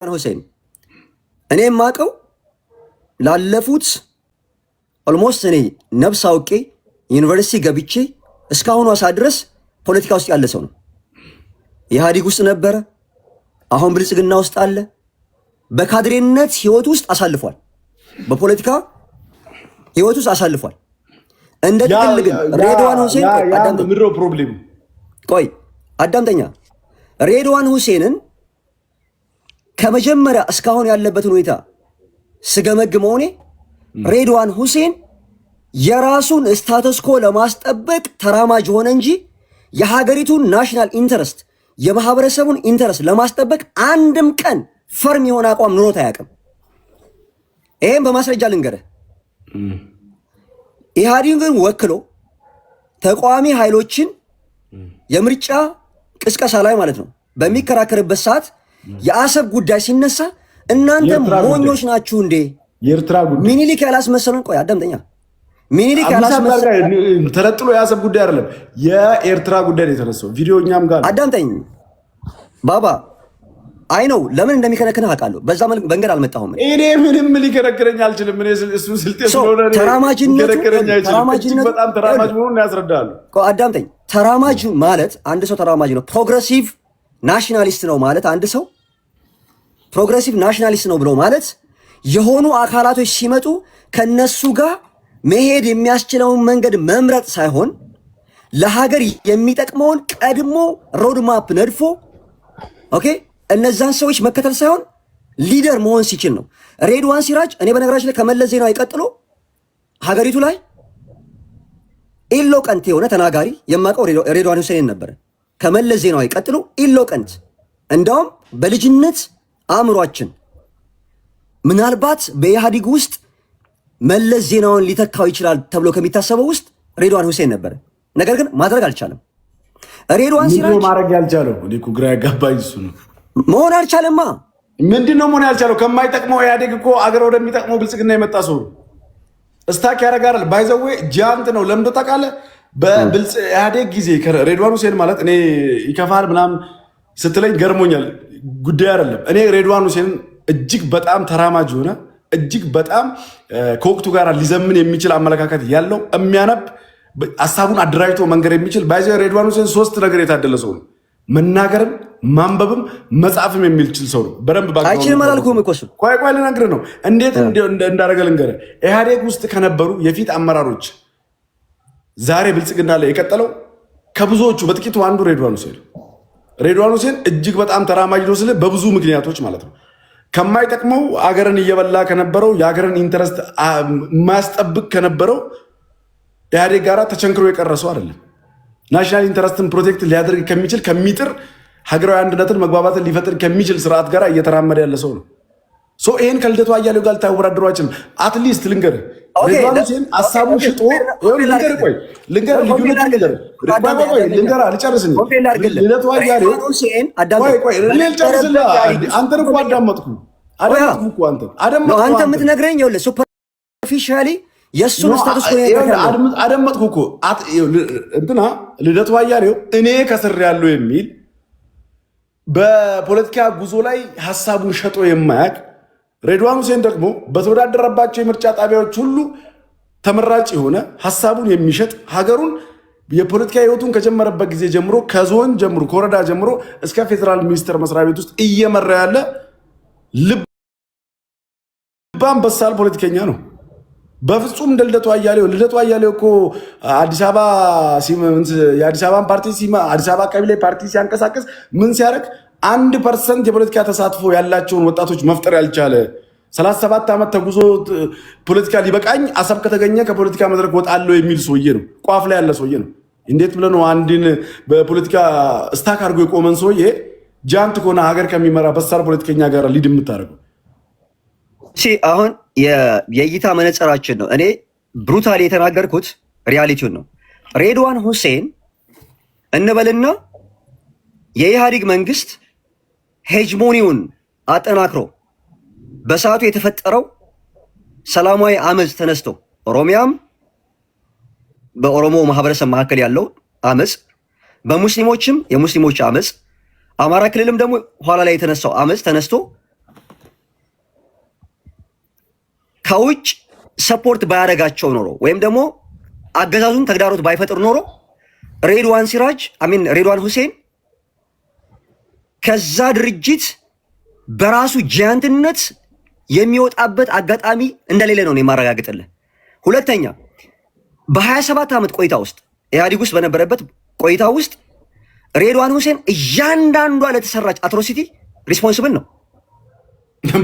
ኢምራን ሁሴን እኔ የማውቀው ላለፉት ኦልሞስት እኔ ነፍስ አውቄ ዩኒቨርሲቲ ገብቼ እስካሁኑ አሳ ድረስ ፖለቲካ ውስጥ ያለ ሰው ነው። ኢህአዲግ ውስጥ ነበረ፣ አሁን ብልጽግና ውስጥ አለ። በካድሬነት ህይወት ውስጥ አሳልፏል። በፖለቲካ ህይወት ውስጥ አሳልፏል። እንደ ጥቅል ግን ሬድዋን ሁሴን ቆይ አዳምጠኛ ሬድዋን ሁሴንን ከመጀመሪያ እስካሁን ያለበትን ሁኔታ ስገመግ መሆኔ ሬድዋን ሁሴን የራሱን ስታተስኮ ለማስጠበቅ ተራማጅ ሆነ እንጂ የሀገሪቱን ናሽናል ኢንተረስት የማህበረሰቡን ኢንተረስት ለማስጠበቅ አንድም ቀን ፈርም የሆነ አቋም ኑሮት አያውቅም። ይህም በማስረጃ ልንገርህ። ኢህአዲግን ወክሎ ተቃዋሚ ኃይሎችን የምርጫ ቅስቀሳ ላይ ማለት ነው በሚከራከርበት ሰዓት የአሰብ ጉዳይ ሲነሳ እናንተ ሞኞች ናችሁ እንዴ? የኤርትራ ጉዳይ ሚኒሊክ ያላስመሰሉን። ቆይ አዳምጠኛ ሚኒሊክ ያላስመሰለን ተረጥሎ የአሰብ ጉዳይ አይደለም የኤርትራ ጉዳይ ነው የተነሳው። ቪዲዮ እኛም ጋር አዳምጠኝ ባባ አይ ነው ለምን እንደሚከነክንህ አውቃለሁ። በዛ መንገድ አልመጣሁም። እኔ ምንም ሊከነክረኝ አልችልም። እሱ ስልጤ ስለሆነ በጣም ተራማጅ መሆኑን ያስረዳሉ። አዳምጠኝ። ተራማጅ ማለት አንድ ሰው ተራማጅ ነው፣ ፕሮግረሲቭ ናሽናሊስት ነው ማለት አንድ ሰው ፕሮግረሲቭ ናሽናሊስት ነው ብሎ ማለት የሆኑ አካላቶች ሲመጡ ከነሱ ጋር መሄድ የሚያስችለውን መንገድ መምረጥ ሳይሆን ለሀገር የሚጠቅመውን ቀድሞ ሮድማፕ ነድፎ ኦኬ እነዛን ሰዎች መከተል ሳይሆን ሊደር መሆን ሲችል ነው። ሬድዋን ሲራጅ እኔ በነገራችን ላይ ከመለስ ዜናዊ ቀጥሎ ሀገሪቱ ላይ ኢሎቀንት የሆነ ተናጋሪ የማውቀው ሬድዋን ሁሴን ነበረ። ከመለስ ዜናዊ ቀጥሎ ኢሎቀንት እንደውም በልጅነት አእምሯችን ምናልባት በኢህአዲግ ውስጥ መለስ ዜናውን ሊተካው ይችላል ተብሎ ከሚታሰበው ውስጥ ሬድዋን ሁሴን ነበረ። ነገር ግን ማድረግ አልቻለም። ሬድዋን ሲራጅ ማድረግ ያልቻለው ግራ ያጋባኝ እሱ ነው። መሆን አልቻለማ። ምንድን ነው መሆን ያልቻለው? ከማይጠቅመው ኢህአዴግ እኮ አገር ወደሚጠቅመው ብልጽግና የመጣ ሰው እስታክ ያደርጋል። ባይዘዌ ጃንት ነው ለምዶ ታውቃለህ። በብልጽ ኢህአዴግ ጊዜ ሬድዋን ሁሴን ማለት እኔ ይከፋል ምናምን ስትለኝ ገርሞኛል። ጉዳይ አይደለም። እኔ ሬድዋን ሁሴንን እጅግ በጣም ተራማጅ የሆነ እጅግ በጣም ከወቅቱ ጋር ሊዘምን የሚችል አመለካከት ያለው የሚያነብ ሀሳቡን አደራጅቶ መንገድ የሚችል ባይዘ ሬድዋን ሁሴን ሶስት ነገር የታደለ ሰው ነው። መናገርም ማንበብም መጻፍም የሚችል ሰው ነው። በደንብ አይችልም አላልኩም ቆይ ቆይ ልነግርህ ነው። እንዴት እንዳደረገ ልንገርህ። ኢህአዴግ ውስጥ ከነበሩ የፊት አመራሮች ዛሬ ብልጽግና ላይ የቀጠለው ከብዙዎቹ በጥቂቱ አንዱ ሬድዋን ሁሴን ሬድዋን ሁሴን እጅግ በጣም ተራማጅ ነው ስለ በብዙ ምክንያቶች ማለት ነው። ከማይጠቅመው አገርን እየበላ ከነበረው የአገርን ኢንተረስት የማያስጠብቅ ከነበረው ኢህአዴግ ጋር ተቸንክሮ የቀረሰው አይደለም። ናሽናል ኢንተረስትን ፕሮቴክት ሊያደርግ ከሚችል ከሚጥር ሀገራዊ አንድነትን መግባባትን ሊፈጥር ከሚችል ስርዓት ጋር እየተራመደ ያለ ሰው ነው። ይሄን ከልደቱ አያሌው ጋር ልታወዳድረው አይችልም። አትሊስት ልንገር ሬድዋን ሽጦ ቆይ ልዩነቱ ልደቱ አያሌው አንተን እኮ አዳመጥኩ አዳመጥኩ አዳመጥኩ። አንተ የምትነግረኝ ይኸውልህ ሱፐርፊሻሊ የእሱን ስታቱስ አደመጥኩ እኮ እንትና ልደቱ አያሌው እኔ ከስር ያለው የሚል በፖለቲካ ጉዞ ላይ ሀሳቡን ሸጦ የማያውቅ ሬድዋን ሁሴን ደግሞ በተወዳደረባቸው የምርጫ ጣቢያዎች ሁሉ ተመራጭ የሆነ ሀሳቡን የሚሸጥ ሀገሩን የፖለቲካ ህይወቱን ከጀመረበት ጊዜ ጀምሮ ከዞን ጀምሮ ከወረዳ ጀምሮ እስከ ፌዴራል ሚኒስቴር መስሪያ ቤት ውስጥ እየመራ ያለ ልባም በሳል ፖለቲከኛ ነው። በፍጹም እንደ ልደቱ አያሌው ልደቱ አያሌው እኮ አዲስ አበባ የአዲስ አበባን ፓርቲ አዲስ አበባ አካባቢ ላይ ፓርቲ ሲያንቀሳቀስ ምን ሲያደርግ አንድ ፐርሰንት የፖለቲካ ተሳትፎ ያላቸውን ወጣቶች መፍጠር ያልቻለ ሰላሳ ዓመት ተጉዞ ፖለቲካ ሊበቃኝ አሰብ ከተገኘ ከፖለቲካ መድረክ ወጣለው የሚል ሰውዬ ነው። ቋፍ ላይ ያለ ሰውዬ ነው። እንዴት ብለህ ነው አንድን በፖለቲካ ስታክ አድርጎ የቆመን ሰውዬ ጃንት ከሆነ ሀገር ከሚመራ በሳር ፖለቲከኛ ጋር ሊድ የምታደርገው? አሁን የእይታ መነጽራችን ነው። እኔ ብሩታል የተናገርኩት ሪያሊቲውን ነው። ሬድዋን ሁሴን እንበልና የኢህአዲግ መንግስት ሄጅሞኒውን አጠናክሮ በሰዓቱ የተፈጠረው ሰላማዊ አመፅ ተነስቶ ኦሮሚያም በኦሮሞ ማህበረሰብ መካከል ያለው አመፅ፣ በሙስሊሞችም የሙስሊሞች አመፅ፣ አማራ ክልልም ደግሞ ኋላ ላይ የተነሳው አመፅ ተነስቶ ከውጭ ሰፖርት ባያደረጋቸው ኖሮ ወይም ደግሞ አገዛዙን ተግዳሮት ባይፈጥር ኖሮ ሬድዋን ሲራጅ አሚን ሬድዋን ሁሴን ከዛ ድርጅት በራሱ ጃያንትነት የሚወጣበት አጋጣሚ እንደሌለ ነው የማረጋግጥልህ። ሁለተኛ በሀያ ሰባት ዓመት ቆይታ ውስጥ ኢህአዲግ ውስጥ በነበረበት ቆይታ ውስጥ ሬድዋን ሁሴን እያንዳንዷ ለተሰራች አትሮሲቲ ሪስፖንስብል ነው።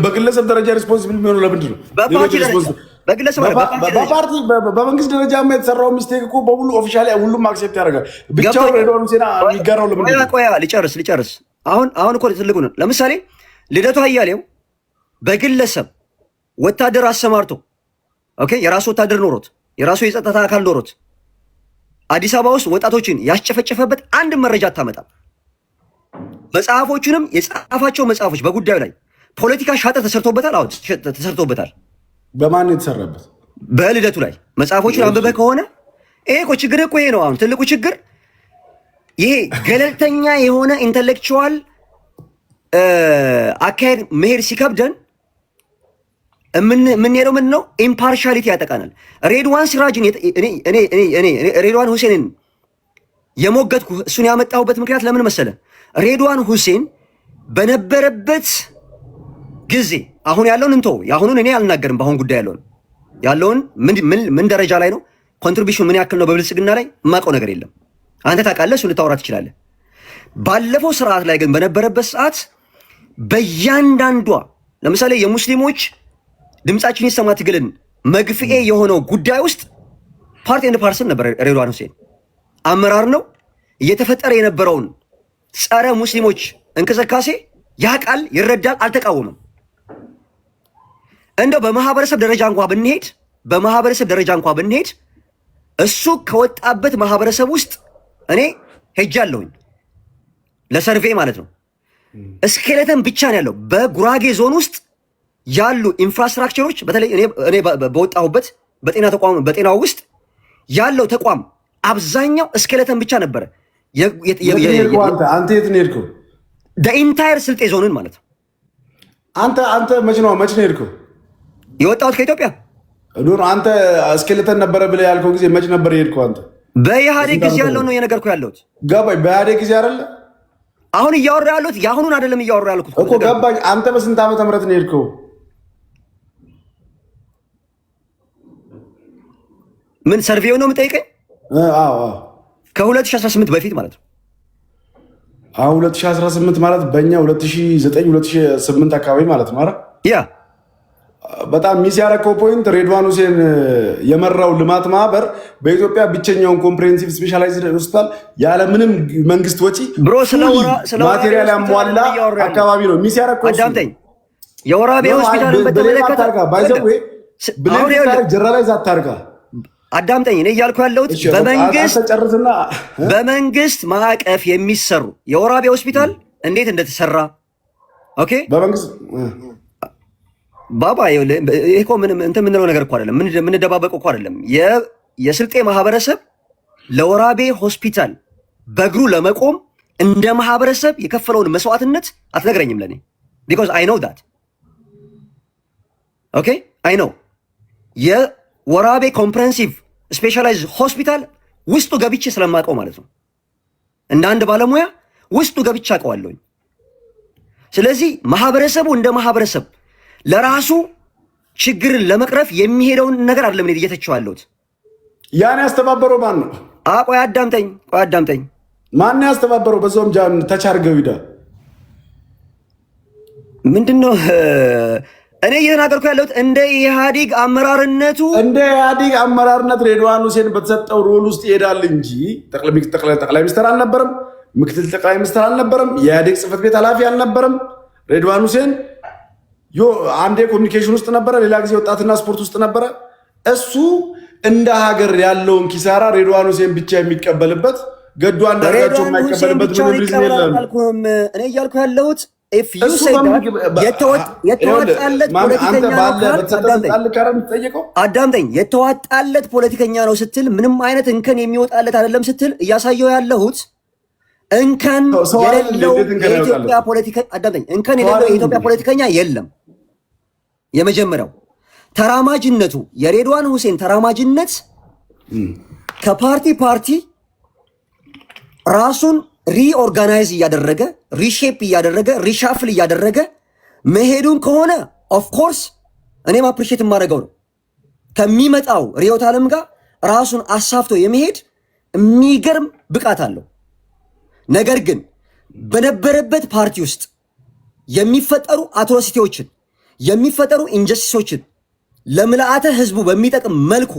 በግለሰብ ደረጃ ሪስፖንስብል የሚሆኑ ለምንድን ነው? በግለሰብ በመንግስት ደረጃ የተሰራው ሚስቴክ እኮ በሙሉ ኦፊሻሊ ሁሉም አክሴፕት ያደርጋል። ብቻው ሬድዋን ሁሴን የሚጋራው ለምንድን ነው? ቆያ ልጨርስ ልጨርስ አሁን አሁን እኮ ትልቁ ነው። ለምሳሌ ልደቱ አያሌው በግለሰብ ወታደር አሰማርቶ ኦኬ፣ የራሱ ወታደር ኖሮት የራሱ የጸጥታ አካል ኖሮት አዲስ አበባ ውስጥ ወጣቶችን ያስጨፈጨፈበት አንድ መረጃ አታመጣም። መጽሐፎቹንም የጻፋቸው መጽሐፎች በጉዳዩ ላይ ፖለቲካ ሻጠ ተሰርቶበታል። አዎ ተሰርቶበታል። በማን የተሰራበት? በልደቱ ላይ መጽሐፎቹን አንብበህ ከሆነ ይሄ እኮ ችግር እኮ ይሄ ነው። አሁን ትልቁ ችግር ይሄ ገለልተኛ የሆነ ኢንተሌክቹዋል አካሄድ መሄድ ሲከብደን የምንሄደው ምንድን ነው? ኢምፓርሻሊቲ ያጠቃናል። ሬድዋን ሲራጅን ሬድዋን ሁሴንን የሞገትኩ እሱን ያመጣሁበት ምክንያት ለምን መሰለ? ሬድዋን ሁሴን በነበረበት ጊዜ አሁን ያለውን እንቶ የአሁኑን እኔ አልናገርም። በአሁን ጉዳይ ያለውን ያለውን ምን ደረጃ ላይ ነው፣ ኮንትሪቢሽን ምን ያክል ነው በብልጽግና ላይ የማውቀው ነገር የለም። አንተ ታውቃለህ፣ እሱ ልታወራ ትችላለህ። ባለፈው ስርዓት ላይ ግን በነበረበት ሰዓት በእያንዳንዷ ለምሳሌ የሙስሊሞች ድምፃችን ይሰማ ትግልን መግፍኤ የሆነው ጉዳይ ውስጥ ፓርቲ ኤንድ ፓርሰን ነበር። ሬድዋን ሁሴን አመራር ነው። እየተፈጠረ የነበረውን ጸረ ሙስሊሞች እንቅስቃሴ ያውቃል፣ ይረዳል፣ አልተቃወምም። እንደው በማህበረሰብ ደረጃ እንኳ ብንሄድ በማህበረሰብ ደረጃ እንኳ ብንሄድ እሱ ከወጣበት ማህበረሰብ ውስጥ እኔ ሄጃለሁኝ ለሰርቬ ማለት ነው። እስኬለተን ብቻ ነው ያለው በጉራጌ ዞን ውስጥ ያሉ ኢንፍራስትራክቸሮች በተለይ እኔ በወጣሁበት በጤና ተቋም በጤናው ውስጥ ያለው ተቋም አብዛኛው እስኬለተን ብቻ ነበረ። አንተ የት ነው የሄድከው? ኢንታየር ስልጤ ዞንን ማለት ነው። አንተ አንተ መች ነው መች ነው የሄድከው? የወጣሁት ከኢትዮጵያ አንተ እስኬለተን ነበረ ብለህ ያልከው ጊዜ መች ነበር የሄድከው አንተ? በኢህአዴግ ጊዜ ያለው ነው የነገርኩ ያለሁት ገባኝ። በኢህአዴግ ጊዜ አይደለ አሁን እያወራ ያለሁት የአሁኑን አይደለም እያወራ ያልኩት እኮ ገባኝ። አንተ በስንት ዓመተ ምህረት ነው የሄድከው? ምን ሰርቬው ነው የምጠይቀኝ? ከ2018 በፊት ማለት ነው። አሁን 2018 ማለት በእኛ 2009 2008 አካባቢ ማለት ነው። ያ በጣም ሚስ ያረከው ፖይንት ሬድዋን ሁሴን የመራው ልማት ማህበር በኢትዮጵያ ብቸኛውን ኮምፕሬሄንሲቭ ስፔሻላይዝድ ሆስፒታል ያለ ምንም መንግስት ወጪ ማቴሪያል ያሟላ አካባቢ ነው። ሚስ ያረከው ዛታርጋ ሆስፒታልን በተመለከተ አዳምጠኝ። እኔ እያልኩ ያለሁት በመንግስት ማዕቀፍ የሚሰሩ የወራቤ ሆስፒታል እንዴት እንደተሰራ ኦኬ ባባ ይሄ ምን እንት የምንለው ነገር እኮ አይደለም። የምንደባበቀው እኮ አይደለም። የስልጤ ማህበረሰብ ለወራቤ ሆስፒታል በእግሩ ለመቆም እንደ ማህበረሰብ የከፈለውን መስዋዕትነት አትነግረኝም ለኔ ቢኮዝ አይ ነው ዳት ኦኬ አይ ነው የወራቤ ኮምፕሬንሲቭ ስፔሻላይዝ ሆስፒታል ውስጡ ገብቼ ስለማውቀው ማለት ነው። እንደ አንድ ባለሙያ ውስጡ ገብቼ አውቀዋለሁኝ። ስለዚህ ማህበረሰቡ እንደ ማህበረሰብ ለራሱ ችግርን ለመቅረፍ የሚሄደውን ነገር አይደለም እኔ እየተቸዋለሁት። ያን ያስተባበረው ማን ነው? ቆይ አዳምጠኝ፣ ቆይ አዳምጠኝ። ማን ያስተባበረው? በዛውም ጃን ተቻርገው ይዳ ምንድን ነው እኔ እየተናገርኩ ያለሁት እንደ ኢህአዲግ አመራርነቱ እንደ ኢህአዲግ አመራርነት ሬድዋን ሁሴን በተሰጠው ሮል ውስጥ ይሄዳል እንጂ ጠቅላይ ሚኒስትር አልነበረም፣ ምክትል ጠቅላይ ሚኒስትር አልነበረም፣ የኢህአዲግ ጽህፈት ቤት ኃላፊ አልነበረም ሬድዋን ሁሴን አንዴ ኮሚኒኬሽን ውስጥ ነበረ፣ ሌላ ጊዜ ወጣትና ስፖርት ውስጥ ነበረ። እሱ እንደ ሀገር ያለውን ኪሳራ ሬድዋን ሁሴን ብቻ የሚቀበልበት ገዱ አንዳርጋቸው የማይቀበልበት እኔ የተዋጣለት ፖለቲከኛ ነው ስትል ምንም አይነት እንከን የሚወጣለት አይደለም ስትል እያሳየው ያለሁት እንከን የሌለው የኢትዮጵያ ፖለቲከኛ የለም። የመጀመሪያው ተራማጅነቱ የሬድዋን ሁሴን ተራማጅነት ከፓርቲ ፓርቲ ራሱን ሪኦርጋናይዝ እያደረገ ሪሼፕ እያደረገ ሪሻፍል እያደረገ መሄዱን ከሆነ ኦፍኮርስ እኔም አፕሪሼት የማደርገው ነው። ከሚመጣው ርዕዮተ ዓለም ጋር ራሱን አሳፍቶ የመሄድ የሚገርም ብቃት አለው። ነገር ግን በነበረበት ፓርቲ ውስጥ የሚፈጠሩ አትሮሲቲዎችን የሚፈጠሩ ኢንጀስቲሶችን ለምልአተ ህዝቡ በሚጠቅም መልኩ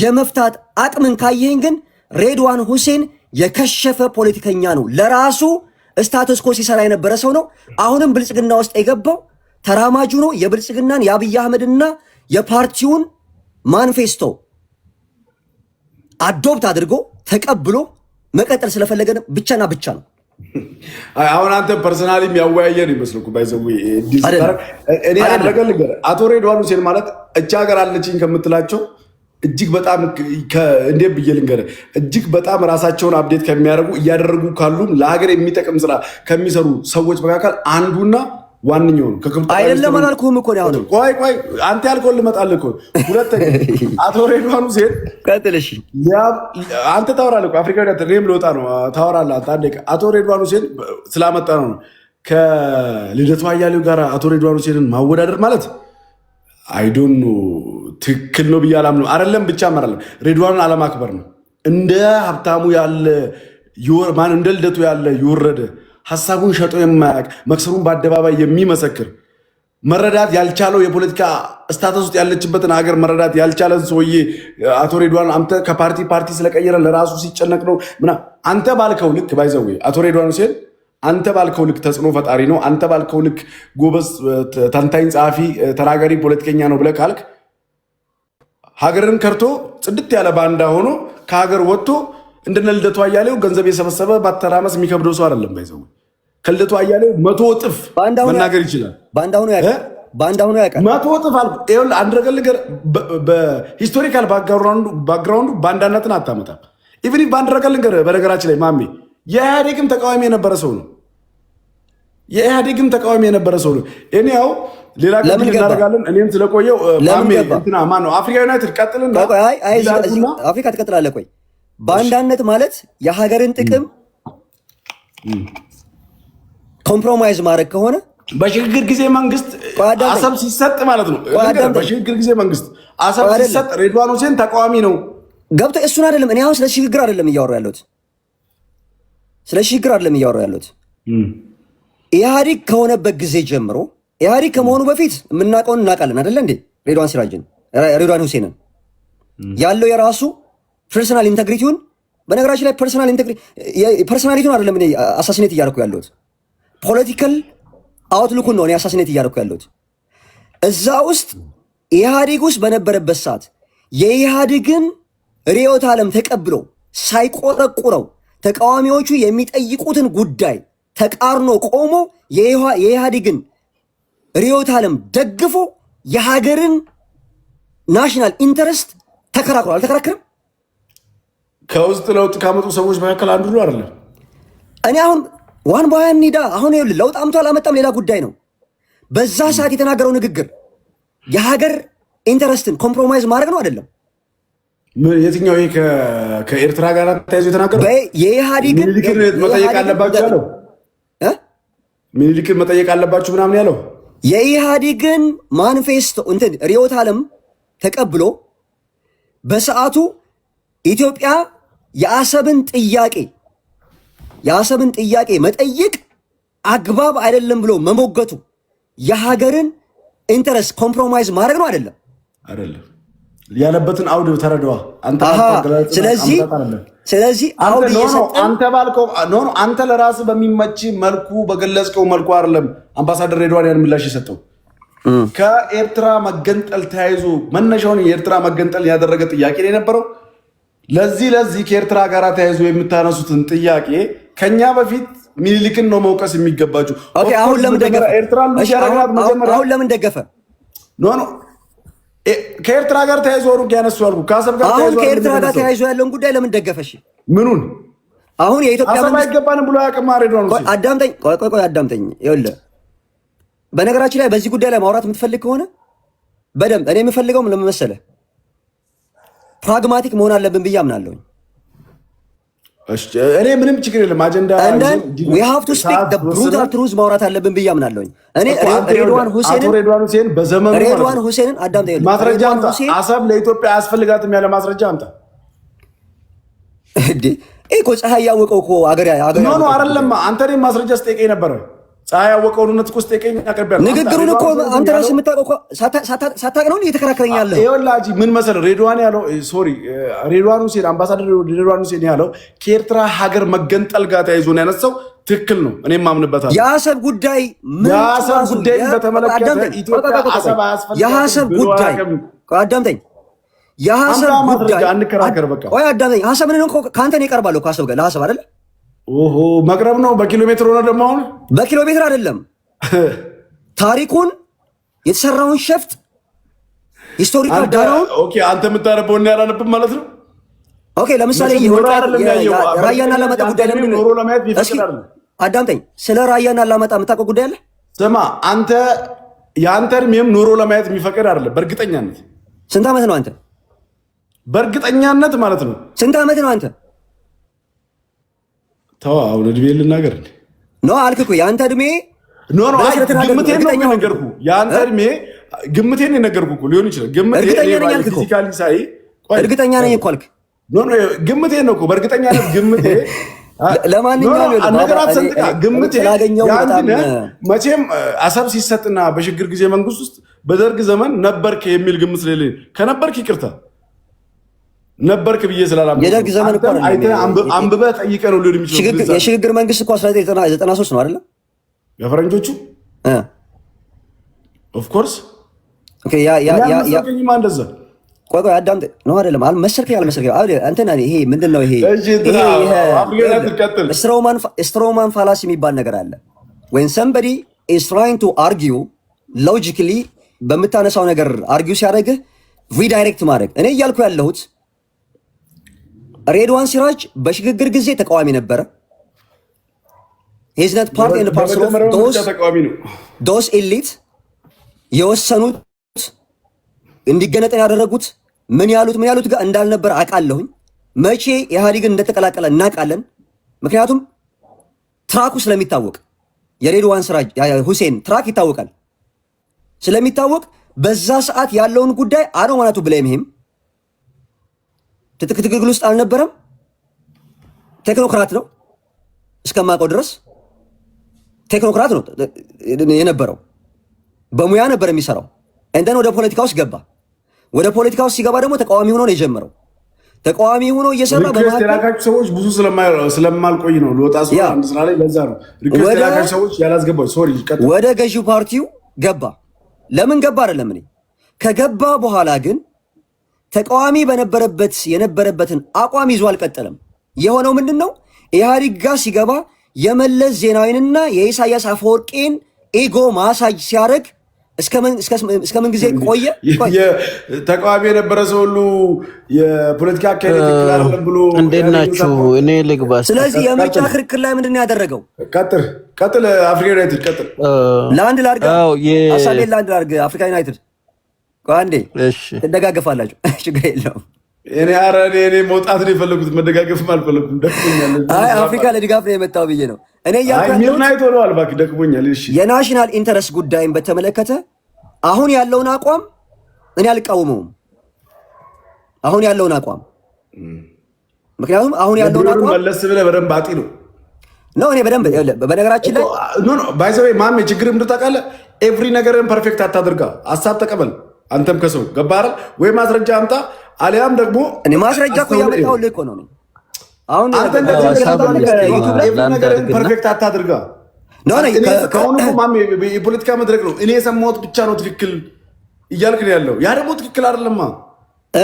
የመፍታት አቅምን ካየኝ ግን ሬድዋን ሁሴን የከሸፈ ፖለቲከኛ ነው። ለራሱ ስታትስኮ ሲሰራ የነበረ ሰው ነው። አሁንም ብልጽግና ውስጥ የገባው ተራማጁ ነው። የብልጽግናን የአብይ አህመድና የፓርቲውን ማንፌስቶ አዶብት አድርጎ ተቀብሎ መቀጠል ስለፈለገ ብቻና ብቻ ነው። አሁን አንተ ፐርሰናሊ የሚያወያየን ይመስልኩ ባይዘዊ eh, eh, እኔ አድረገ ልገር አቶ ሬድዋን ሁሴን ማለት እቻ ሀገር አለችኝ ከምትላቸው እጅግ በጣም እንዴት ብዬ ልንገርህ፣ እጅግ በጣም ራሳቸውን አብዴት ከሚያደርጉ እያደረጉ ካሉም ለሀገር የሚጠቅም ስራ ከሚሰሩ ሰዎች መካከል አንዱና ዋንኛው ነው አይደለም አላልኩህም እኮ ነው። ቆይ ቆይ አንተ ያልከውን ልመጣልህ እኮ። ሁለተኛ አቶ ሬድዋን ሁሴን ቀጥልሽ። አንተ ታወራለህ እኮ አፍሪካ ም ልወጣ ነው ታወራለህ አንተ አንዴ። አቶ ሬድዋን ሁሴን ስላመጣ ነው ከልደቱ አያሌው ጋር አቶ ሬድዋን ሁሴንን ማወዳደር ማለት አይዶን ትክክል ነው ብዬ አላምንም። አይደለም ብቻ መራለን ሬድዋንን አለማክበር ነው። እንደ ሀብታሙ ያለ ማን እንደ ልደቱ ያለ የወረደ ሀሳቡን ሸጦ የማያቅ መክሰሩን በአደባባይ የሚመሰክር መረዳት ያልቻለው የፖለቲካ ስታተስ ውስጥ ያለችበትን ሀገር መረዳት ያልቻለን ሰውዬ አቶ ሬድዋን አንተ ከፓርቲ ፓርቲ ስለቀየረ ለራሱ ሲጨነቅ ነው ምና አንተ ባልከው ልክ ባይዘው አቶ ሬድዋን ሁሴን አንተ ባልከው ልክ ተጽዕኖ ፈጣሪ ነው። አንተ ባልከው ልክ ጎበዝ ተንታኝ፣ ጸሐፊ፣ ተናጋሪ፣ ፖለቲከኛ ነው ብለህ ካልክ ሀገርን ከርቶ ጽድት ያለ ባንዳ ሆኖ ከሀገር ወጥቶ እንደነ ልደቱ አያሌው ገንዘብ የሰበሰበ በአተራመስ የሚከብደው ሰው አይደለም። ባይዘው ከልደቱ አያሌው መቶ እጥፍ መናገር ይችላል። በአንድ አሁኑ ያውቃል መቶ እጥፍ አንድ ነገር ልገር በሂስቶሪካል ባክግራውንዱ በአንዳነትን አታመጣም። ኢቨን በአንድ ነገር ልንገር፣ በነገራችን ላይ ማሜ የኢህአዴግም ተቃዋሚ የነበረ ሰው ነው። የኢህአዴግም ተቃዋሚ የነበረ ሰው ነው። እኔ ያው ሌላ ቀን እናደርጋለን። እኔም ስለቆየው ማሜ እንትና ማን ነው አፍሪካ ዩናይትድ ቀጥልና አፍሪካ ትቀጥላለህ። ቆይ በአንዳነት ማለት የሀገርን ጥቅም ኮምፕሮማይዝ ማድረግ ከሆነ በሽግግር ጊዜ መንግስት አሰብ ሲሰጥ ማለት ነው። በሽግግር ጊዜ መንግስት አሰብ ሲሰጥ ሬድዋን ሁሴን ተቃዋሚ ነው ገብቶ እሱን አይደለም። እኔ አሁን ስለ ሽግግር አይደለም እያወሩ ያለሁት፣ ስለ ሽግግር አይደለም እያወሩ ያለሁት። ኢህአዲግ ከሆነበት ጊዜ ጀምሮ ኢህአዲግ ከመሆኑ በፊት የምናውቀውን እናውቃለን አደለ እንዴ? ሬድዋን ሲራጅን ሬድዋን ሁሴንን ያለው የራሱ ፐርሰናል ኢንተግሪቲውን በነገራችን ላይ ፐርሰናል ኢንተግሪቲ ፐርሰናሊቲውን አይደለም እኔ አሳሲኔት እያደረኩ ያለሁት ፖለቲካል አውትሉኩን ነው እኔ አሳሲኔት እያደረኩ ያለሁት። እዛ ውስጥ ኢህአዴግ ውስጥ በነበረበት ሰዓት የኢህአዴግን ርዕዮተ ዓለም ተቀብሎ ሳይቆረቁረው ተቃዋሚዎቹ የሚጠይቁትን ጉዳይ ተቃርኖ ቆሞ የኢህአዴግን ርዕዮተ ዓለም ደግፎ የሀገርን ናሽናል ኢንተረስት ተከራክሯል። አልተከራክርም። ከውስጥ ለውጥ ካመጡ ሰዎች መካከል አንዱ ነው አይደለም። እኔ አሁን ዋን በዋን ኒዳ አሁን ይኸውልህ ለውጥ አምቶ አላመጣም ሌላ ጉዳይ ነው። በዛ ሰዓት የተናገረው ንግግር የሀገር ኢንተረስትን ኮምፕሮማይዝ ማድረግ ነው አይደለም። የትኛው ይሄ ከኤርትራ ጋር ተያይዞ የተናገረው የኢህአዴግን መጠየቅ ያለው ምኒልክን መጠየቅ አለባችሁ ምናምን ያለው የኢህአዴግን ማኒፌስቶ እንትን ሪዮት አለም ተቀብሎ በሰዓቱ ኢትዮጵያ የአሰብን ጥያቄ የአሰብን ጥያቄ መጠየቅ አግባብ አይደለም ብሎ መሞገቱ የሀገርን ኢንተረስት ኮምፕሮማይዝ ማድረግ ነው። አይደለም አይደለም ያለበትን አውድ ተረዳዋ። ስለዚህ ስለዚህ አንተ ለራስ በሚመች መልኩ በገለጽከው መልኩ አይደለም አምባሳደር ሬድዋን ያን ምላሽ የሰጠው ከኤርትራ መገንጠል ተያይዞ መነሻውን የኤርትራ መገንጠል ያደረገ ጥያቄ ነው የነበረው። ለዚህ ለዚህ ከኤርትራ ጋር ተያይዞ የምታነሱትን ጥያቄ ከኛ በፊት ሚኒሊክን ነው መውቀስ የሚገባችሁ። አሁን ለምን ደገፈ? ከኤርትራ ጋር ተያይዞ ሩ ያነሱ አልኩ። ከአሰብ ጋር አሁን ከኤርትራ ጋር ተያይዞ ያለውን ጉዳይ ለምን ደገፈሽ? ምኑን አሁን የኢትዮጵያ አሰብ አይገባንም ብሎ ያቅም አሬዶ ነው። አዳምጠኝ፣ ቆይ ቆይ አዳምጠኝ። ይኸውልህ በነገራችን ላይ በዚህ ጉዳይ ላይ ማውራት የምትፈልግ ከሆነ በደንብ እኔ የምፈልገውም ለምን መሰለህ ፕራግማቲክ መሆን አለብን ብዬ አምናለሁኝ። እኔ ምንም ችግር የለም። አጀንዳ ብሩታል ትሩዝ ማውራት አለብን ብዬ አምናለሁኝ። እኔ ሬድዋን ሁሴንን በዘመኑ አዳም ማስረጃ አምጣ። አሰብ ለኢትዮጵያ አያስፈልጋትም ያለ ማስረጃ አምጣ። እኮ ፀሐይ ያወቀው እኮ አገር አይደለም። አንተ ማስረጃ ስጠይቀኝ ነበረ ፀሐይ ያወቀውን እውነት እኮ ስጠይቀኝ አቅርቤያለሁ። ንግግሩን እኮ አንተ ራስህ የምታውቀው ነው እየተከራከረኝ ይኸውልህ አጂ ምን መሰለህ ሬድዋን ያለው ሶሪ ሬድዋን ሁሴን አምባሳደር ሬድዋን ሁሴን ያለው ከኤርትራ ሀገር መገንጠል ጋር ተያይዞ ነው ያነሳው። ትክክል ነው፣ እኔም የአሰብ ጉዳይ የአሰብ ጉዳይ በተመለከተ የአሰብ ጉዳይ አዳምጠኝ ጉዳይ አንከራከር። በቃ አዳምጠኝ። ከአንተ ጋር አይደለ ኦሆ መቅረብ ነው። በኪሎ ሜትር ሆነ ደግሞ አሁን በኪሎ ሜትር አይደለም ታሪኩን የተሰራውን ሸፍጥ ሂስቶሪካል ዳራውን አንተ የምታነበው እና ያላነብም ማለት ነው። ኦኬ ለምሳሌ ራያና አላማጣ ጉዳይ ለምን አዳምጠኝ። ስለ ራያና አላማጣ የምታውቀው ጉዳይ አለ። ስማ አንተ የአንተን ምንም ኑሮ ለማየት የሚፈቅድ አይደለም። በእርግጠኛነት ስንት ዓመት ነው አንተ? በእርግጠኛነት ማለት ነው ስንት ዓመት ነው አንተ? ተው አሁን እድሜ ልናገር ኖ አልክ እኮ የአንተ እድሜ ኖ ኖ ግምቴን ነው የነገርኩህ። የአንተ እድሜ ግምቴን ነው የነገርኩህ እኮ ሊሆን ይችላል። ግምቴን ሳይ እርግጠኛ ነኝ እኮ አልክ። ኖ ኖ ግምቴን ነው እኮ በእርግጠኛ ነህ ግምቴ ለማንኛውም ነገራት ሰንጥቃ ግምቴ መቼም አሰብ ሲሰጥና በሽግግር ጊዜ መንግስት ውስጥ በደርግ ዘመን ነበርክ የሚል ግምት ስለሌለኝ ከነበርክ ይቅርታ ነበርክ ብዬ ስላላ የደርግ ዘመን እኮ አንብበህ ጠይቀህ ነው ሊሆን የሚችለው። የሽግግር መንግስት እኮ 1993 ነው አይደለ? የፈረንጆቹ ኦፍኮርስ እንደዛ ቆይ ቆይ አዳምጥ ነው አይደለም መሰልከኝ አልመሰልከኝ እንትን ይሄ ምንድን ነው ይሄ ስትሮማን ፋላሲ የሚባል ነገር አለ። ወይን ሰምበዲ ኢዝ ትራይንግ ቱ አርጊው ሎጂካሊ በምታነሳው ነገር አርጊው ሲያደርግህ ሪዳይሬክት ማድረግ እኔ እያልኩ ያለሁት ሬድዋን ሲራጅ በሽግግር ጊዜ ተቃዋሚ ነበረ። ሂዝነት ፓርት ኤንድ ፓርሰል ኦፍ ዶስ ኢሊት የወሰኑት እንዲገነጠል ያደረጉት ምን ያሉት ምን ያሉት ጋር እንዳልነበር አውቃለሁኝ። መቼ ኢህአዴግን እንደተቀላቀለ እናውቃለን። ምክንያቱም ትራኩ ስለሚታወቅ የሬድዋን ሲራጅ ሁሴን ትራክ ይታወቃል ስለሚታወቅ በዛ ሰዓት ያለውን ጉዳይ አነው ማለቱ ብላይም ትጥቅ ትግል ውስጥ አልነበረም። ቴክኖክራት ነው እስከማውቀው ድረስ ቴክኖክራት ነው የነበረው። በሙያ ነበር የሚሰራው። እንደን ወደ ፖለቲካ ውስጥ ገባ። ወደ ፖለቲካ ውስጥ ሲገባ ደግሞ ተቃዋሚ ሆኖ ነው የጀመረው። ተቃዋሚ ሆኖ እየሰራ በላካችሁ ሰዎች ብዙ ስለማልቆይ ነው ልወጣ ላይ ለዛ ነው ሰዎች ያላስገባ። ወደ ገዢው ፓርቲው ገባ። ለምን ገባ አይደለም እኔ ከገባ በኋላ ግን ተቃዋሚ በነበረበት የነበረበትን አቋም ይዞ አልቀጠለም። የሆነው ምንድን ነው? ኢህአዴግ ጋር ሲገባ የመለስ ዜናዊንና የኢሳያስ አፈወርቄን ኤጎ ማሳጅ ሲያደርግ እስከ ምን ጊዜ ቆየ? ተቃዋሚ የነበረ ሰው ሁሉ የፖለቲካ አካሄድ ብሎ እንዴት ናችሁ? እኔ ልግባ። ስለዚህ የምርጫ ክርክር ላይ ምንድን ነው ያደረገው? ቀጥል ቀጥል፣ አፍሪካ ዩናይትድ ቀጥል። ለአንድ ላርግ፣ ሀሳቤን ለአንድ ላርግ፣ አፍሪካ ዩናይትድ አንዴ ትደጋገፋላችሁ፣ ችግር የለውም። እኔ አረ እኔ መውጣት ነው የፈለጉት መደጋገፍም አልፈለጉም። ደክሞኛል። አፍሪካ ለድጋፍ ነው የመጣው ብዬ ነው እኔ ሚርናይቶ ነው አልባክ ደክሞኛል። የናሽናል ኢንተረስት ጉዳይን በተመለከተ አሁን ያለውን አቋም እኔ አልቃወመውም። አሁን ያለውን አቋም ምክንያቱም አሁን ያለውን አቋም መለስ ብለህ በደንብ አጢ ነው ነው እኔ በደንብ በነገራችን ላይ ባይዘ ማሜ ችግር ምንድን ታውቃለህ? ኤቭሪ ነገርን ፐርፌክት አታድርጋ። ሀሳብ ተቀበል አንተም ከሰው ገባረ ወይ ማስረጃ አምጣ፣ አሊያም ደግሞ እኔ ማስረጃ እኮ ያመጣሁልህ እኮ ነው። አሁን አንተ እንደዚህ ፐርፌክት አታድርጋ። ከአሁኑ የፖለቲካ መድረክ ነው። እኔ የሰማሁት ብቻ ነው ትክክል እያልክ ነው ያለው። ያ ደግሞ ትክክል አይደለማ።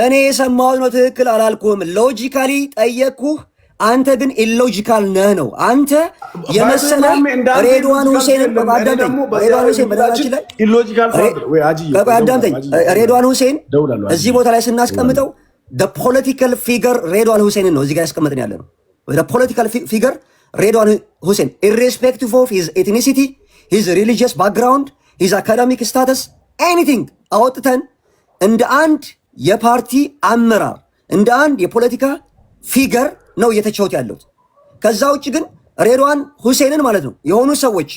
እኔ የሰማሁት ነው ትክክል አላልኩም። ሎጂካሊ ጠየቅኩህ። አንተ ግን ኢሎጂካል ነህ ነው። አንተ የመሰለ ሬድዋን ሁሴን ሬድዋን ሁሴን እዚህ ቦታ ላይ ስናስቀምጠው ፖለቲካል ፊገር ሬድዋን ሁሴንን ነው እዚህ ጋር ያስቀምጥን ያለ ነው። ፖለቲካል ፊገር ሬድዋን ሁሴን ኢሬስፔክቲቭ ኦፍ ሂዝ ኤትኒሲቲ ሂዝ ሪሊጂየስ ባክግራውንድ ሂዝ አካዳሚክ ስታተስ ኤኒቲንግ አወጥተን እንደ አንድ የፓርቲ አመራር እንደ አንድ የፖለቲካ ፊገር ነው እየተቸውት ያለሁት። ከዛ ውጭ ግን ሬድዋን ሁሴንን ማለት ነው የሆኑ ሰዎች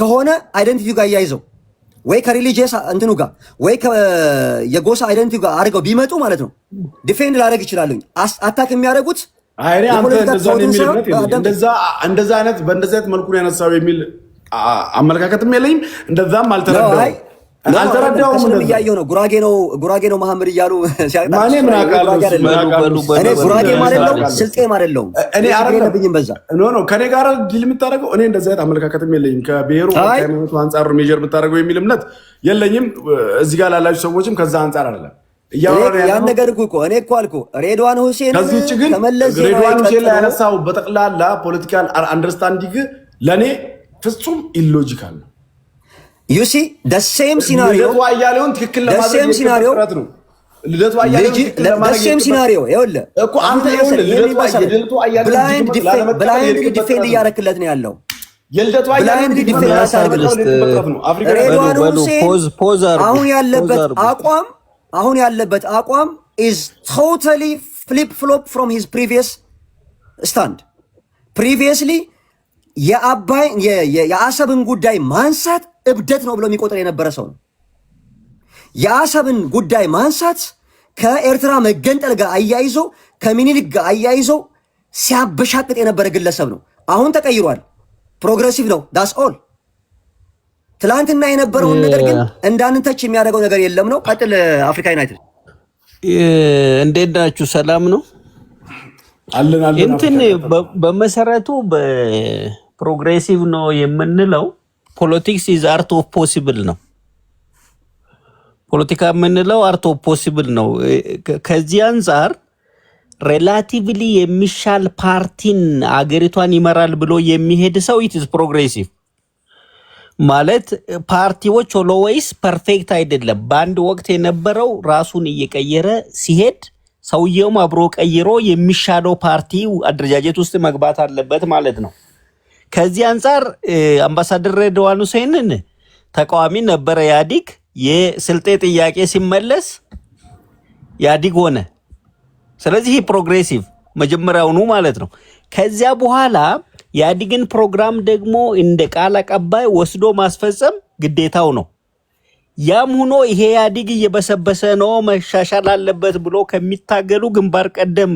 ከሆነ አይደንቲቲ ጋር እያይዘው ወይ ከሪሊጂየስ እንትኑ ጋር ወይ የጎሳ አይደንቲቲ ጋር አድርገው ቢመጡ ማለት ነው ዲፌንድ ላደርግ ይችላለሁ። አታክ የሚያደርጉት እንደዛ አይነት በእንደዚህ አይነት መልኩ ነው ያነሳው የሚል አመለካከትም የለኝም። እንደዛም አልተረዳሁም። አልተረዳሁም። እያየሁ ነው። ጉራጌ ነው ጉራጌ ነው መሐመድ እያሉ ጉራጌም አይደለሁም ስልጤም አይደለሁም። የለብኝም በዛ ከኔ ጋር ዲል የምታደርገው እኔ እንደዚህ አይነት አመለካከትም የለኝም። ከብሔሩ ሃይማኖቱ አንጻር ሜጀር የምታደርገው የሚል እምነት የለኝም። እዚህ ጋር ላላችሁ ሰዎችም ከዛ አንጻር አይደለም ያን ነገር እኮ እኔ እኮ አልኩ ሬድዋን ሁሴን ከዚህ ውጭ ግን ሬድዋን ሁሴን ላይ ያነሳው በጠቅላላ ፖለቲካል አንደርስታንዲንግ ለእኔ ፍጹም ኢሎጂካል ነው። ዩሲ ደሴም ሲናሪዮ ደሴም ሲናሪዮ ደሴም ሲናሪዮ ይኸውልህ ብላይንድ ዲፌንድ እያደረክለት ነው ያለው። ብላይንድ ዲፌንድ ላሳርግልህ። ሬድዋን ሁሴ አሁን ያለበት አቋም አሁን ያለበት አቋም ኢዝ ቶታሊ ፍሊፕ ፍሎፕ ፍሮም ሂዝ ፕሪቪየስ ስታንድ ፕሪቪየስሊ የአባይ የአሰብን ጉዳይ ማንሳት እብደት ነው ብሎ የሚቆጥር የነበረ ሰው ነው። የአሰብን ጉዳይ ማንሳት ከኤርትራ መገንጠል ጋር አያይዞ ከሚኒሊክ ጋር አያይዞ ሲያበሻቅጥ የነበረ ግለሰብ ነው። አሁን ተቀይሯል። ፕሮግረሲቭ ነው። ዳስ ኦል። ትላንትና የነበረውን ነገር ግን እንዳንተች የሚያደርገው ነገር የለም ነው። ቀጥል። አፍሪካ ዩናይትድ እንዴት ናችሁ? ሰላም ነው አለን። እንትን በመሰረቱ በፕሮግሬሲቭ ነው የምንለው ፖለቲክስ ኢዝ አርት ኦፍ ፖሲብል ነው። ፖለቲካ የምንለው አርት ኦፍ ፖሲብል ነው። ከዚህ አንጻር ሬላቲቭሊ የሚሻል ፓርቲን አገሪቷን ይመራል ብሎ የሚሄድ ሰው ኢትስ ፕሮግሬሲቭ ማለት ፓርቲዎች ኦሎወይስ ፐርፌክት አይደለም። በአንድ ወቅት የነበረው ራሱን እየቀየረ ሲሄድ ሰውየውም አብሮ ቀይሮ የሚሻለው ፓርቲ አደረጃጀት ውስጥ መግባት አለበት ማለት ነው። ከዚህ አንጻር አምባሳደር ሬድዋን ሁሴንን ተቃዋሚ ነበረ ኢህአዲግ። የስልጤ ጥያቄ ሲመለስ ኢህአዲግ ሆነ። ስለዚህ ፕሮግሬሲቭ መጀመሪያውኑ ማለት ነው። ከዚያ በኋላ ኢህአዲግን ፕሮግራም ደግሞ እንደ ቃል አቀባይ ወስዶ ማስፈጸም ግዴታው ነው። ያም ሆኖ ይሄ ኢህአዲግ እየበሰበሰ ነው መሻሻል አለበት ብሎ ከሚታገሉ ግንባር ቀደም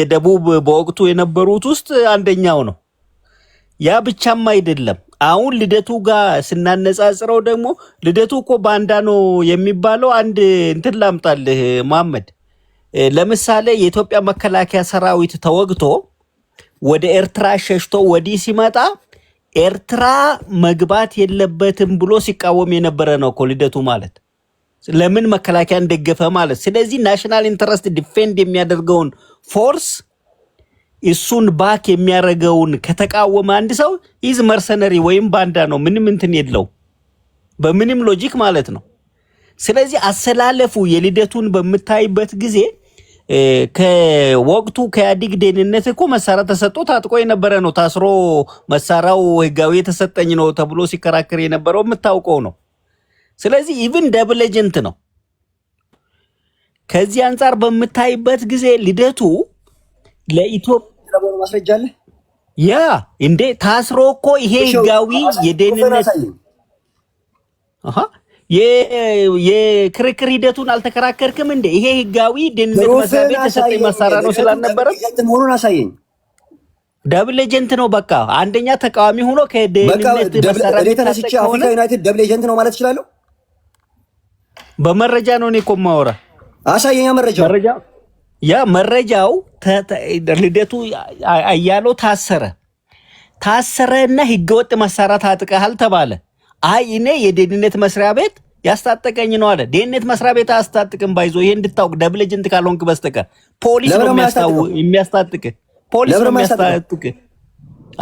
የደቡብ በወቅቱ የነበሩት ውስጥ አንደኛው ነው። ያ ብቻም አይደለም። አሁን ልደቱ ጋር ስናነጻጽረው ደግሞ ልደቱ እኮ ባንዳ ነው የሚባለው። አንድ እንትን ላምጣልህ መሐመድ፣ ለምሳሌ የኢትዮጵያ መከላከያ ሰራዊት ተወግቶ ወደ ኤርትራ ሸሽቶ ወዲህ ሲመጣ ኤርትራ መግባት የለበትም ብሎ ሲቃወም የነበረ ነው እኮ ልደቱ ማለት ለምን መከላከያን ደገፈ ማለት። ስለዚህ ናሽናል ኢንተረስት ዲፌንድ የሚያደርገውን ፎርስ እሱን ባክ የሚያደርገውን ከተቃወመ አንድ ሰው ኢዝ መርሰነሪ ወይም ባንዳ ነው። ምንም እንትን የለው በምንም ሎጂክ ማለት ነው። ስለዚህ አሰላለፉ የልደቱን በምታይበት ጊዜ ከወቅቱ ከኢህአዴግ ደህንነት እኮ መሳሪያ ተሰጦ ታጥቆ የነበረ ነው። ታስሮ መሳሪያው ህጋዊ የተሰጠኝ ነው ተብሎ ሲከራከር የነበረው የምታውቀው ነው። ስለዚህ ኢቭን ደብል ኤጀንት ነው። ከዚህ አንጻር በምታይበት ጊዜ ልደቱ ለኢትዮጵያ ስለሆነ ማስረጃ አለ። ያ እንዴ ታስሮ እኮ ይሄ ህጋዊ የደህንነት የክርክር ሂደቱን አልተከራከርክም እንዴ? ይሄ ህጋዊ ደህንነት መስሪያ ቤት ተሰጠኝ መሳሪያ ነው ስላልነበረ መሆኑን አሳየኝ። ደብል ኤጀንት ነው በቃ። አንደኛ ተቃዋሚ ሆኖ ከደህንነት መሳሪያ ተነስቼ አፍሪካ ዩናይትድ ደብል ኤጀንት ነው ማለት እችላለሁ። በመረጃ ነው እኔ እኮ የማወራ። አሳየኛ መረጃ ያ መረጃው ልደቱ አያለው ታሰረ ታሰረ እና ህገወጥ መሳሪያ ታጥቀሃል ተባለ። አይ እኔ የደህንነት መስሪያ ቤት ያስታጠቀኝ ነው አለ። ደህንነት መስሪያ ቤት አስታጥቅም ባይዞ ይሄ እንድታውቅ ደብል ኤጀንት ካልሆንክ በስተቀር ፖሊስ ነው የሚያስታጥቅ። ፖሊስ ነው የሚያስታጥቅ፣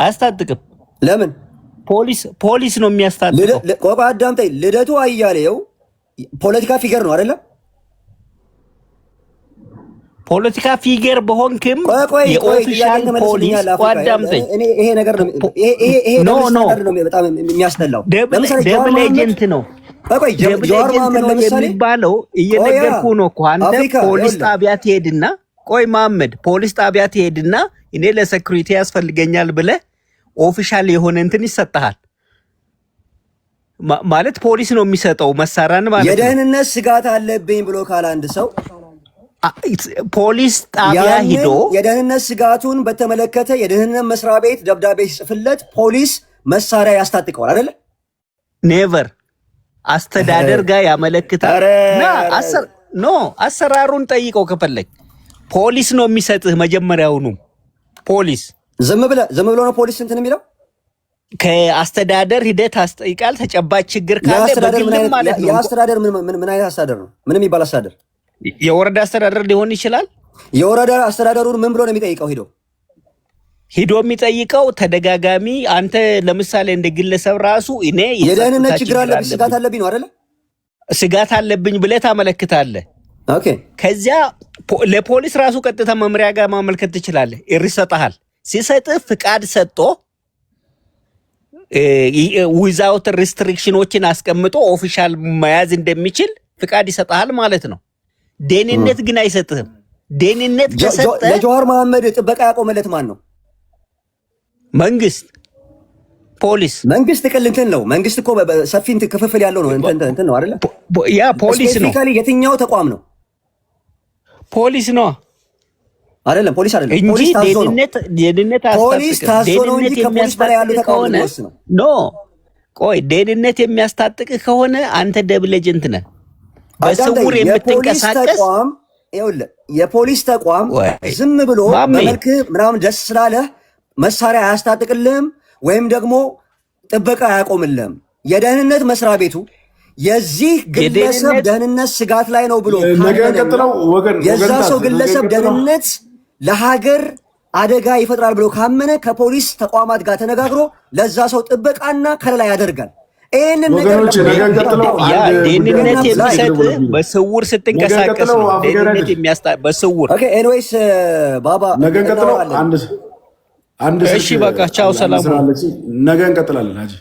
አያስታጥቅም። ለምን ፖሊስ ፖሊስ ነው የሚያስታጥቅ? ቆይ አዳምጠኝ። ልደቱ አያሌው ፖለቲካ ፊገር ነው አይደለም ፖለቲካ ፊገር በሆንክም የኦፊሻል ፖሊስ አዳምጠኝ። ነው ደብል ኤጀንት ነው የሚባለው። እየነገርኩ ነው እኮ አንተ ፖሊስ ጣቢያ ትሄድና ቆይ መሐመድ ፖሊስ ጣቢያ ትሄድና እኔ ለሴኩሪቲ ያስፈልገኛል ብለህ ኦፊሻል የሆነ እንትን ይሰጠሃል ማለት ፖሊስ ነው የሚሰጠው መሳሪያን ማለት ነው። የደህንነት ስጋት አለብኝ ብሎ ካለ አንድ ሰው ፖሊስ ጣቢያ ሂዶ የደህንነት ስጋቱን በተመለከተ የደህንነት መስሪያ ቤት ደብዳቤ ሲጽፍለት ፖሊስ መሳሪያ ያስታጥቀዋል አይደለ? ኔቨር አስተዳደር ጋር ያመለክታል። ኖ አሰራሩን ጠይቀው ከፈለግ ፖሊስ ነው የሚሰጥህ። መጀመሪያውኑ ፖሊስ ዝም ዝም ብሎ ነው ፖሊስ እንትን የሚለው ከአስተዳደር ሂደት አስጠይቃል። ተጨባጭ ችግር ካለ ማለት ነው። የአስተዳደር ምን አይነት አስተዳደር ነው? ምን የሚባል አስተዳደር የወረዳ አስተዳደር ሊሆን ይችላል። የወረዳ አስተዳደሩን ምን ብሎ ነው የሚጠይቀው? ሂዶ ሂዶ የሚጠይቀው ተደጋጋሚ አንተ ለምሳሌ እንደ ግለሰብ ራሱ እኔ የደህንነት ችግር አለብኝ፣ ስጋት አለብኝ ነው አይደለ? ስጋት አለብኝ ብለህ ታመለክታለህ። ከዚያ ለፖሊስ ራሱ ቀጥታ መምሪያ ጋር ማመልከት ትችላለህ። ይሰጥሃል። ሲሰጥህ ፍቃድ ሰጥቶ ዊዛውት ሪስትሪክሽኖችን አስቀምጦ ኦፊሻል መያዝ እንደሚችል ፍቃድ ይሰጠሃል ማለት ነው። ደህንነት ግን አይሰጥህም። ደህንነት ከሰጠ ለጀዋር መሐመድ ጥበቃ ያቆመለት ማን ነው? መንግስት፣ ፖሊስ። መንግስት ቅል እንትን ነው። መንግስት እኮ ሰፊ ክፍፍል ያለው ነው። እንትን ነው አይደለ? ያ ፖሊስ ነው። የትኛው ተቋም ነው? ፖሊስ ነው አይደለም? ፖሊስ አይደለም እንጂ ደህንነት ደህንነት ፖሊስ ታዞ ነው እንጂ ከፖሊስ በላይ ያለው ተቋም ነው። ኖ ቆይ ደህንነት የሚያስታጥቅህ ከሆነ አንተ ደብል ኤጀንት ነህ። በስውር የምትንቀሳቀስ የፖሊስ ተቋም ዝም ብሎ በመልክ ምናምን ደስ ስላለህ መሳሪያ አያስታጥቅልህም ወይም ደግሞ ጥበቃ አያቆምልህም። የደህንነት መስሪያ ቤቱ የዚህ ግለሰብ ደህንነት ስጋት ላይ ነው ብሎ የዛ ሰው ግለሰብ ደህንነት ለሀገር አደጋ ይፈጥራል ብሎ ካመነ ከፖሊስ ተቋማት ጋር ተነጋግሮ ለዛ ሰው ጥበቃና ከለላ ያደርጋል። ይህንን ደህንነት የሚሰጥ በስውር ስትንቀሳቀስ ነው። ደህንነት የሚያስታ በስውር ኤኒዌይስ፣ uh, ባባ ነገ እንቀጥለው። አንድ እሺ፣ በቃ ቻው፣ ሰላም። ነገ እንቀጥላለን።